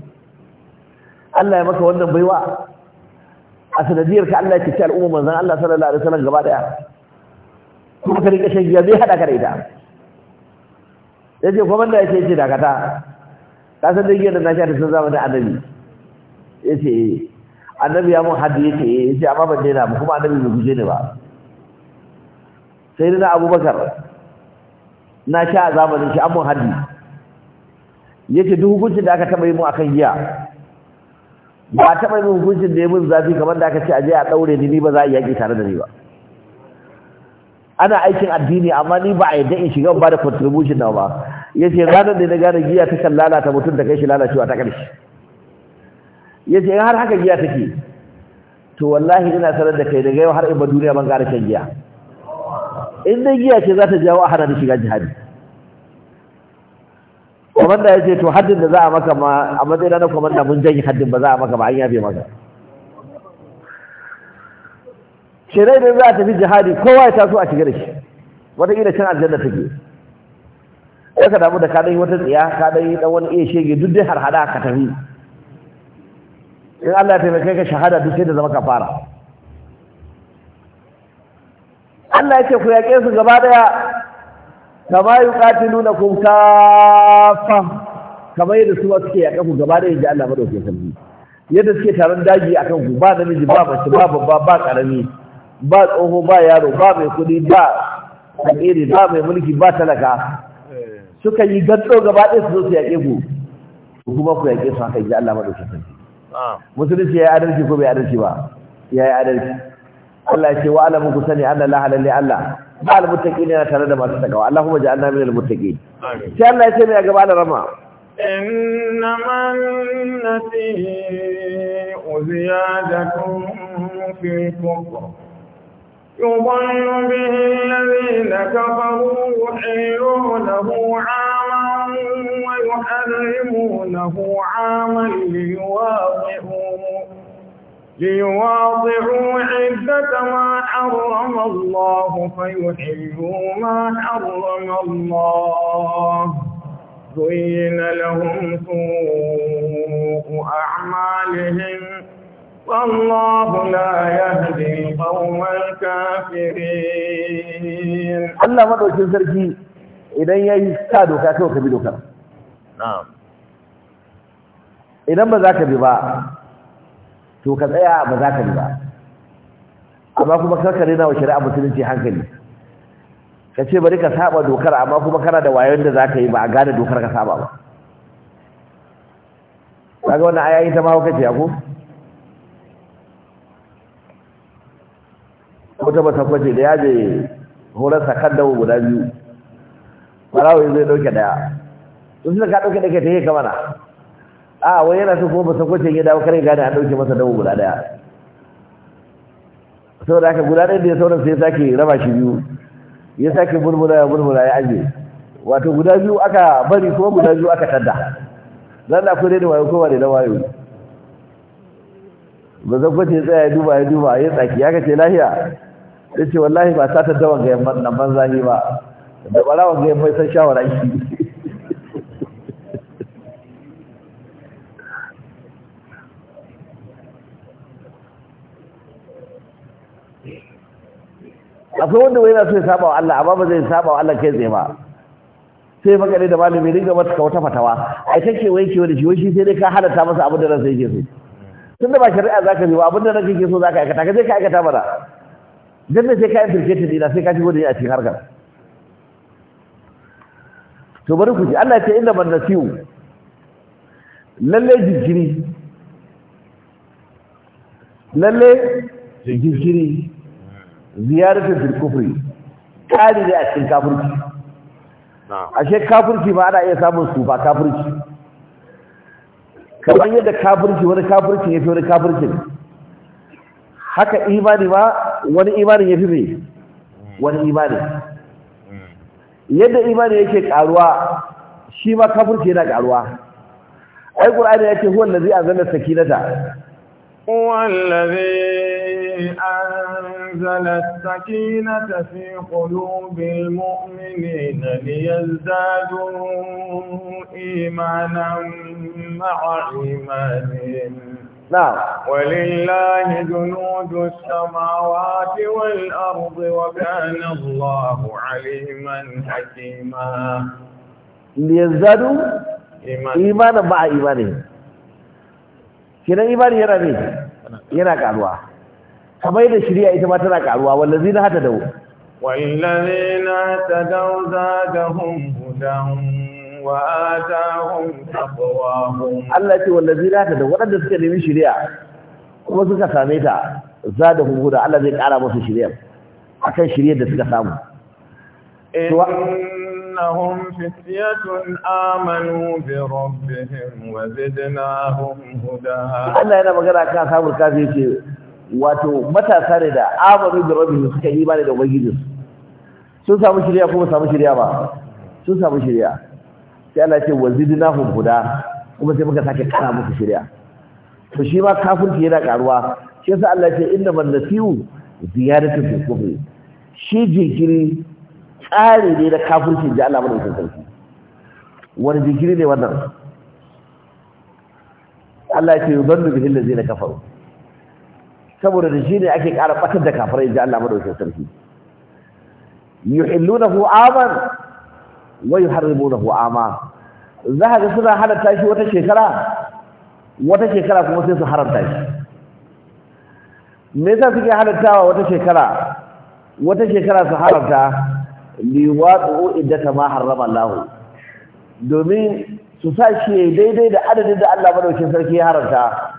Allah ya maka wannan baiwa a sanadiyar ka Allah ya kici al'umma manzon Allah sallallahu alaihi wasallam gaba daya kuma ka rika shan giya bai hada ka da ita yace kuma da yake ce dakata ka san da yadda da nasha da sun zama da annabi yace eh. annabi ya mun haddi yace eh. yace amma ban daina ba kuma annabi bai guje ni ba sai da Abubakar na sha a zamanin shi an mun haddi yace duk hukuncin da aka taba yi mu akan giya ba taɓa yin hukuncin da ya mun zafi kamar da aka ce a je a ɗaure ni ba za a yaƙi tare da ni ba ana aikin addini amma ni ba a yadda in shiga ba da contribution na ba ya ce ranar da na gane giya ta kan lalata mutum da kai shi lalacewa ta ƙarshe ya ce har haka giya take to wallahi ina sanar da kai daga yau har in ba duniya ban gane shan giya in dai giya ce za ta jawo a hana ni shiga jihadi Kwamanda ya ce to haddin da za a maka ma a matsayin na kwamanda mun janye haddin ba za a maka ba an yafe maka shirai da za a tafi jihadi kowa ya taso a shiga da shi wataƙila can aljanna take ya ka damu da ka dai wata tsiya ka dai dan wani iya shege duk dai harhada ka tafi in Allah ya taimake ka shahada duk sai da zama kafara Allah ya ce ku yaƙe su gaba daya kama yuqatilunakum kafa. kamar yadda su suke yaƙa ku gaba da inji Allah madaukakin sarki yadda suke taron daji a kan ku ba namiji ba mace ba babba ba ƙarami ba tsoho ba yaro ba mai kuɗi ba fakiri ba mai mulki ba talaka suka yi gantso gaba ɗaya su zo su yaƙe ku kuma ku yaƙe su haka inji Allah madaukakin sarki musulunci ya yi adalci ko bai adalci ba ya yi adalci Allah ya ce wa alamu ku sani Allah la halalle Allah ba al-muttaqin yana tare da masu takawa Allahumma ja'alna min al-muttaqin sai Allah ya ce mai gaba da rama inna man nasi uziyadakum fi al-kufr yubannu bihi alladhina kafaru yuhilluhu 'aman wa yuharrimuhu 'aman liyuwaqi'u ليواضعوا عدة ما حرم الله فيحلوا ما حرم الله زين لهم سوء أعمالهم والله لا يهدي القوم الكافرين الله ما دوكين سركي idan ya yi sa doka kawai ka bi doka idan ba za ka bi ba to ka tsaya ba za ka yi ba amma kuma karka rena wa shari'a musulunci hankali ka ce bari ka saba dokar amma kuma kana da wayon da za ka yi ba a gane dokar ka saba ba ga wannan ayayi ta ma kuka ce ko wata kwace da ya je horarsa kan dawo guda biyu ɓarawai zai ɗauke ɗaya sun ka ɗauke ɗauke ta yi kamana a wai yana so kuma ba sakwacin ya dawo kare gane an ɗauke masa dawo guda ɗaya saboda aka guda ɗaya da ya sauran sai ya sake raba shi biyu ya sake bulbula ya bulbula ya aje wato guda biyu aka bari kuma guda biyu aka tadda zan da akwai da wayo kowa da na wayo ba zan kwace tsaya ya duba ya duba ya tsaki ya kace lahiya ya ce wallahi ba ta tadda wanga yamman nan ban zahi ba da ɓarawan ga yamman san shawara shi akwai wanda wani yana so ya saba wa Allah amma ba zai saba wa Allah kai tsaye ba sai maka da malami ga mata wata fatawa ai take wai kewa da shi wai shi sai dai ka halatta masa abin da ransa yake so tunda ba shari'a zaka yi ba abin da ranka yake so zaka aikata ka je ka aikata mana janna sai ka ta dina sai ka shigo da a cikin harkar to bari ku ji Allah ya ce inda man nasiu lalle jinkiri. lalle jinkiri. ziyaratar fil kufri kari da a cikin kafirci ashe kafirci ma ana iya samun su ba kafirci kamar yadda kafirci wani kafirci ya fi wani kafircin haka imani ba wani imanin ya fi mai wani imani hmm. yadda imani yake karuwa shi ma kafirci yana karuwa ai qur'ani yake huwa allazi anzala sakinata huwa allazi أنزل السكينة في قلوب المؤمنين ليزدادوا إيمانا مع إيمانهم نعم ولله جنود السماوات والأرض وكان الله عليما حكيما ليزدادوا إيمانا مع إيمانهم كنا إيمان يرى yana karuwa kamar da shirya ita ma tana karuwa wallazi na hata dawo wallazi na ta dawo zadahum hudan wa atahum taqwahum Allah ce wallazi na hata dawo waɗanda suka nemi shirya kuma suka same ta zadahum hudan Allah zai kara musu shirya akan shirya da suka samu إنهم فتية آمنوا بربهم وزدناهم هدى yana magana kan samun صاحب الكافي wato matasa ne da amanu da rabbi suka yi ba da ubangiji sun samu shirya kuma samu shirya ba sun samu shirya sai Allah ya ce hum huda kuma sai muka sake kana musu shirya to shi ma kafirci yana karuwa shi yasa Allah ya ce inna man nasiu ziyadatu fil kufri shi jinkiri tsari ne na kafirci da Allah madaukakin sarki wani jinkiri ne wannan Allah ya ce yudallu bihi allazina kafaru saboda da shi ne ake ƙara ɓatar da kafirai da Allah madaukakin sarki yuhillunahu aman wa yuharrimunahu ama za ka ga suna halatta shi wata shekara wata shekara kuma sai su haramta shi me yasa suke halattawa wata shekara wata shekara su haramta liwatu iddata ma harrama Allah domin su sa shi daidai da adadin da Allah madaukakin sarki ya haramta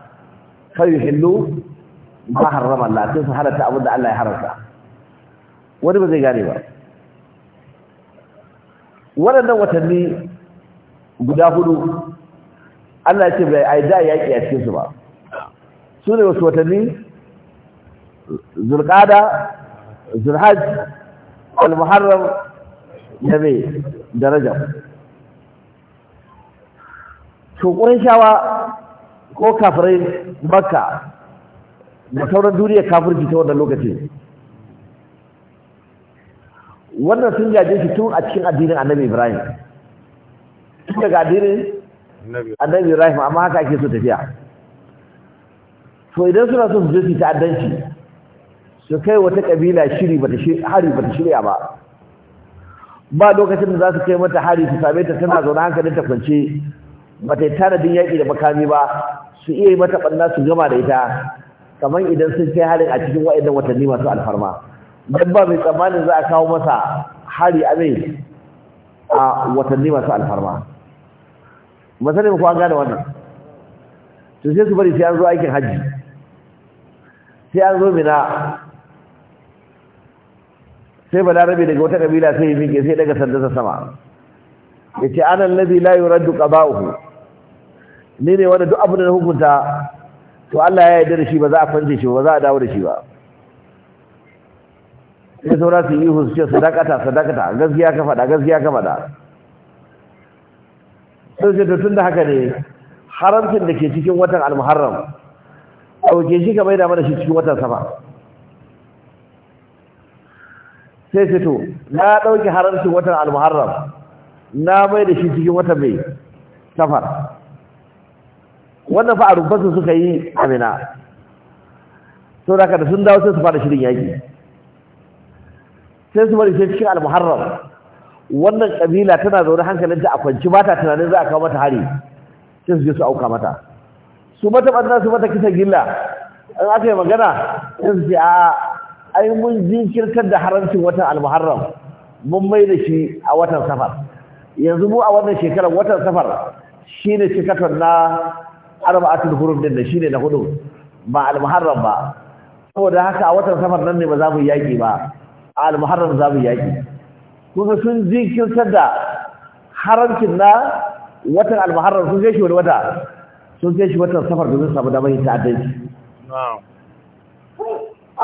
kai yuhillu ba harrama Allah sai su halatta abin da Allah ya haramta wani ba zai gane ba waɗannan watanni guda hudu Allah ya ce bai da yaƙi a cikinsu ba su ne wasu watanni zulƙada zulhaj al-muharram da mai daraja to shawa ko kafirai makka da sauran duniya kafirci ta wannan lokaci wannan sun gaje shi tun a cikin addinin annabi ibrahim tun daga addinin annabi ibrahim amma haka ake so tafiya to idan suna so su je su addanci su kai wata kabila shiri bata hari bata shirya ba ba lokacin da za su kai mata hari su same ta tana zaune hankalin ta kwance bata yi tanadin yaƙi da makami ba su iya yi mata ɓanna su gama da ita kamar idan sun kai harin a cikin wa'idan watanni masu alfarma dan ba mai tsammanin za a kawo masa hari a mai a watanni masu alfarma masanin ku an gane wannan to sai su bari sai an zo aikin hajji sai an zo mina sai larabe daga wata kabila sai yi miƙe sai daga sandasa sama ya ce anan lazi layu raddu ƙaba'uhu ni ne wanda duk abin da hukunta to Allah ya yarda da shi ba za a fanje shi ba za a dawo da shi ba sai saura su yi su ce sadakata sadakata gaskiya ka faɗa gaskiya ka faɗa sai ce tun tunda haka ne haramcin da ke cikin watan almuharram ɗauke shi ka bai da mana shi cikin watan sama sai ce to na ɗauke haramcin watan almuharram na mai da shi cikin watan mai safar wannan fa a rubansu suka yi amina sau da da sun dawo sai su fara shirin yaƙi sai su bari sai cikin almuharram wannan ƙabila tana zaune hankalinta a kwanci mata, tunanin za a kawo mata hari sai su je su auka mata su mata ɓanna su mata kisa gilla in aka yi magana sai su ce a ai mun jinkirtar da haramcin watan al-muharram mun mai da shi a watan safar yanzu mu a wannan shekarar watan safar shine cikaton na arba'atul huruf din da shine na hudu ba al-muharram ba saboda haka a watan safar nan ne ba za mu yaki ba al-muharram za mu yaki kuma sun jinkirtar da haramcin na watan al-muharram sun zai shi wani wata sun zai shi watan safar domin samu damar yin ta'addanci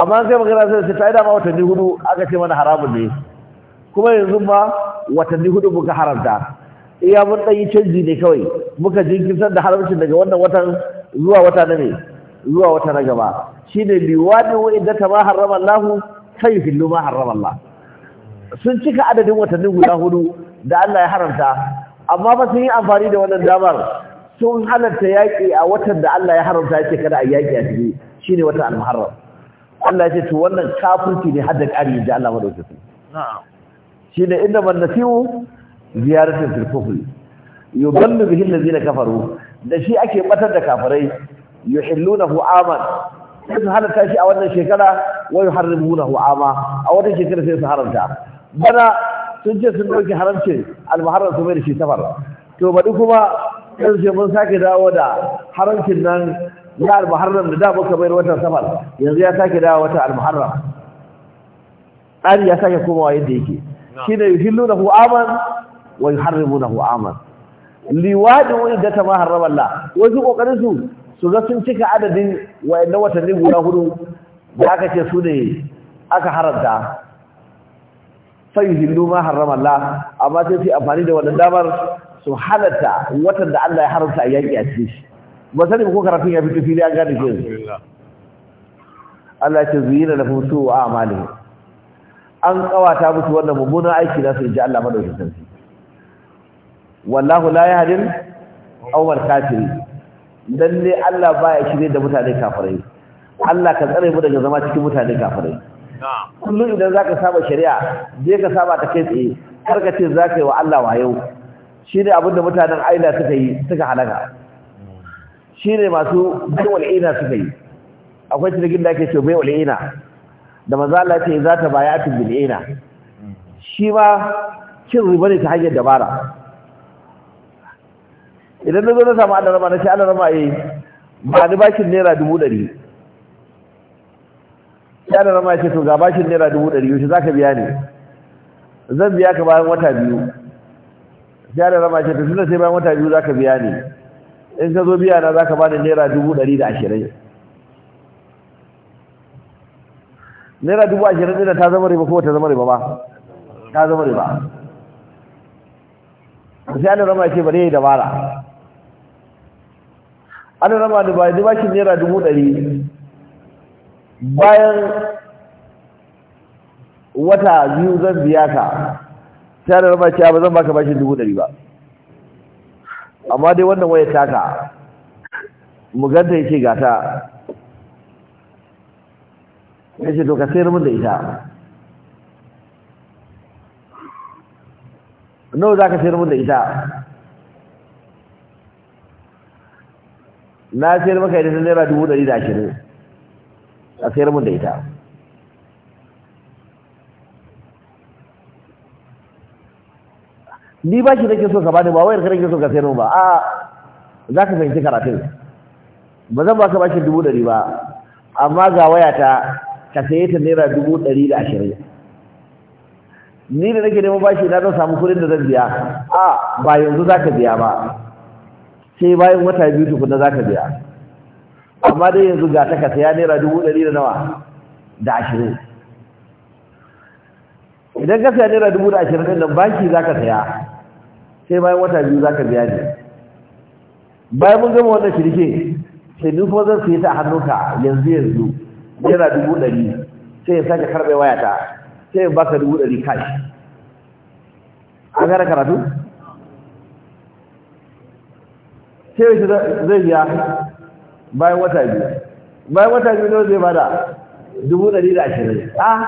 amma sai magana sai ta tayi ma watanni hudu aka ce mana haramun ne kuma yanzu ma watanni hudu muka haramta iya mun ɗan yi canji ne kawai muka jinkirtar da haramcin daga wannan watan zuwa wata na ne zuwa wata na gaba shine ne wa idda ta ma harrama Allah kai fillu ma harrama Allah sun cika adadin watanni guda hudu da Allah ya haramta amma ba sun yi amfani da wannan damar sun halatta yaƙi a watan da Allah ya haramta yake kada a yaƙi a ciki shine watan al-muharram Allah ya ce to wannan kafirci ne hadda ƙari da Allah madaukakin na'am shine inda man nasiu ziyaratin tilkuful yudallu bihi allazina kafaru da shi ake batar da kafirai yuhillunahu aman sai su halatta shi a wannan shekara wa yuharrimunahu ama a wannan shekara sai su haramta bana sun ce sun dauki haramcin almuharram su mai da shi safar to bari kuma sai ce mun sake dawo da haramcin nan na almuharram da da muka bayar watan safar yanzu ya sake dawo watan almuharram tsari ya sake komawa yadda yake shine yuhillunahu aman wa yuharrimunahu aman liwadi wa idata ma harrama Allah wasu kokarin su su ga sun cika adadin wayanna watanni guda hudu da aka ce su ne aka haramta Sai yuhillu ma harrama Allah amma sai su amfani da wannan damar su halatta watan da Allah ya haramta a yaki a cikin shi ba sani ko karafin ya fito fili an gane shi Allah ce zuyina da fusu a amali an kawata musu wannan mummunan aiki na su ji Allah madaukakin sarki wallahu la yahdil awwal kafiri lalle Allah baya shirye da mutane kafirai Allah ka tsare mu daga zama cikin mutane kafirai kullum idan zaka saba shari'a je ka saba ta kai tsaye karka ce zaka yi wa Allah wayo shine abin mutanen aila suka yi suka halaka shine masu dawal ina suka yi akwai cikin da ake cewa baiwal ina da maza Allah ya ce za ta bayatu bil ina shi ma cin riba ne ta hanyar dabara idan na zo na samu alarama na ce alarama yi eh, ba ni bashin naira dubu ɗari ya da ya ce to ga bashin naira dubu ɗari yau shi za ka biya ne zan biya ka bayan wata biyu ya da ya ce to suna sai bayan wata biyu za ka biya ne in ka zo biya na za ka bani naira dubu ɗari da ashirin naira dubu ashirin ɗin ta zama riba ko ta zama riba ba ta zama riba sai da rama ya ce bari ya yi dabara an rama da bayan da naira dubu ɗari bayan wata biyu zan biya ka ta da rama cewa ba zan baka bashin dubu ɗari ba amma dai wannan waya taka mu ganta yake gata ya ce to ka sayar min da ita nawa za ka sayar min da ita na sayar maka ita ta naira dubu ɗari da ashirin a sayar mun da ita ni ba shi nake so ka bani ba wayar kare nake so ka sayar mun ba a za ka fahimci karatun ba zan ba ka bashin dubu ɗari ba amma ga wayata ka saye ta naira dubu ɗari da ashirin ni da nake neman bashi na zan samu kuɗin da zan biya a ba yanzu za ka biya ba sai bayan wata biyu tukuna za ka biya amma dai yanzu ga ta ka saya nera dubu ɗari da nawa da ashirin idan ka saya nera dubu da ashirin ɗin nan banki za ka saya sai bayan wata biyu za ka biya ne bayan mun gama wannan shirke sai duk kuma su yi ta hannunka yanzu yanzu nera dubu ɗari sai ya sake karɓe wayata sai ya baka dubu ɗari kashi an gara karatu sai shi zai biya bayan wata biyu bayan wata biyu nawa zai bada dubu ɗari da ashirin a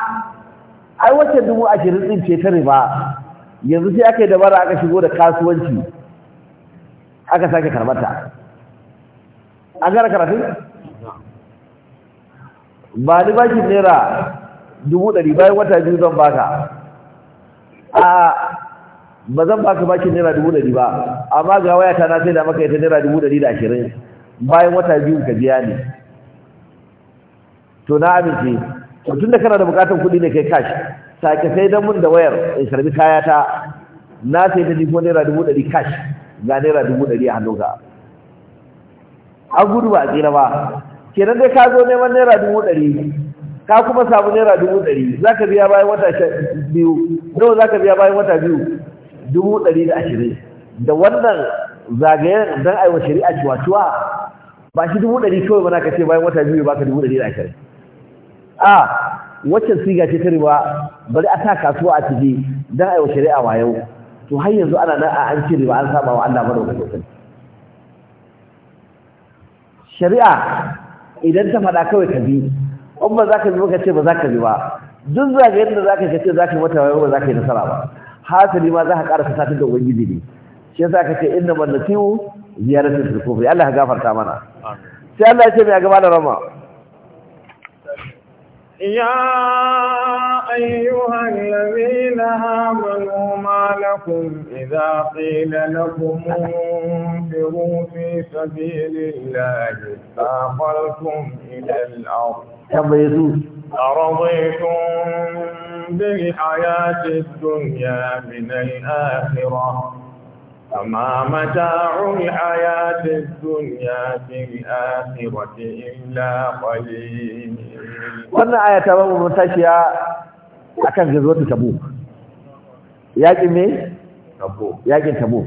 ai wacce dubu ashirin ɗin ce ta riba yanzu sai aka yi dabara aka shigo da kasuwanci aka sake karbata a gara karatun ba ni bakin naira dubu ɗari bayan wata biyu zan baka a ba zan baka bakin naira dubu ɗari ba amma ga waya ta na sai da maka ita naira dubu ɗari da ashirin bayan wata biyu ka biya ne to na amince to tunda kana da bukatar kuɗi ne kai cash sake sai dan mun da wayar in karbi kaya ta na sai da dubu naira dubu ɗari cash ga naira dubu ɗari a ka. an gudu ba a tsira ba kenan dai ka zo neman naira dubu ɗari ka kuma samu naira dubu ɗari za ka biya bayan wata biyu nawa za ka biya bayan wata biyu dubu ɗari da ashirin da wannan zagayen don aiwa shari'a cewa cewa ba shi dubu ɗari kawai mana ka ce bayan wata biyu ba ka dubu ɗari da ashirin a waccan siga ce ta riba bari a sa kasuwa a ciki don aiwa shari'a wa yau to har yanzu ana nan a an ce riba an saba wa Allah mara sosai. shari'a idan ta faɗa kawai ka bi in ba za ka bi ba ka ce ba za ka bi ba duk zagayen da za ka ce za ka yi mata wayo ba za ka yi nasara ba hasali ma za ka karasa satin da ubangiji ne shi za ka ce inna man nasihu ziyaratul kufri Allah ya gafarta mana sai Allah ya ce mai gaba da rama ya ayyuhal ladina amanu ma lakum idza qila lakum infiru fi sabilillahi faqaltum ila al-ard tambayu أرضيتم بالحياة الدنيا من الآخرة فما متاع الحياة الدنيا في الآخرة إلا قليل وانا آية تمام متاشية أكان غزوة تبوك yaƙin ne? yaƙin tabo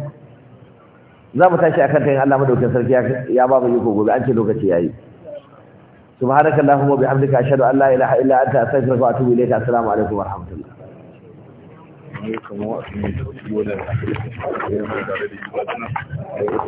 za mu tashi akan tayin Allah madaukakin sarki ya ba mu yi gobe an ce lokaci yayi subhanaka allahumma bihamdika ashhadu an la ilaha illa anta astaghfiruka wa atubu ilayka assalamu alaikum wa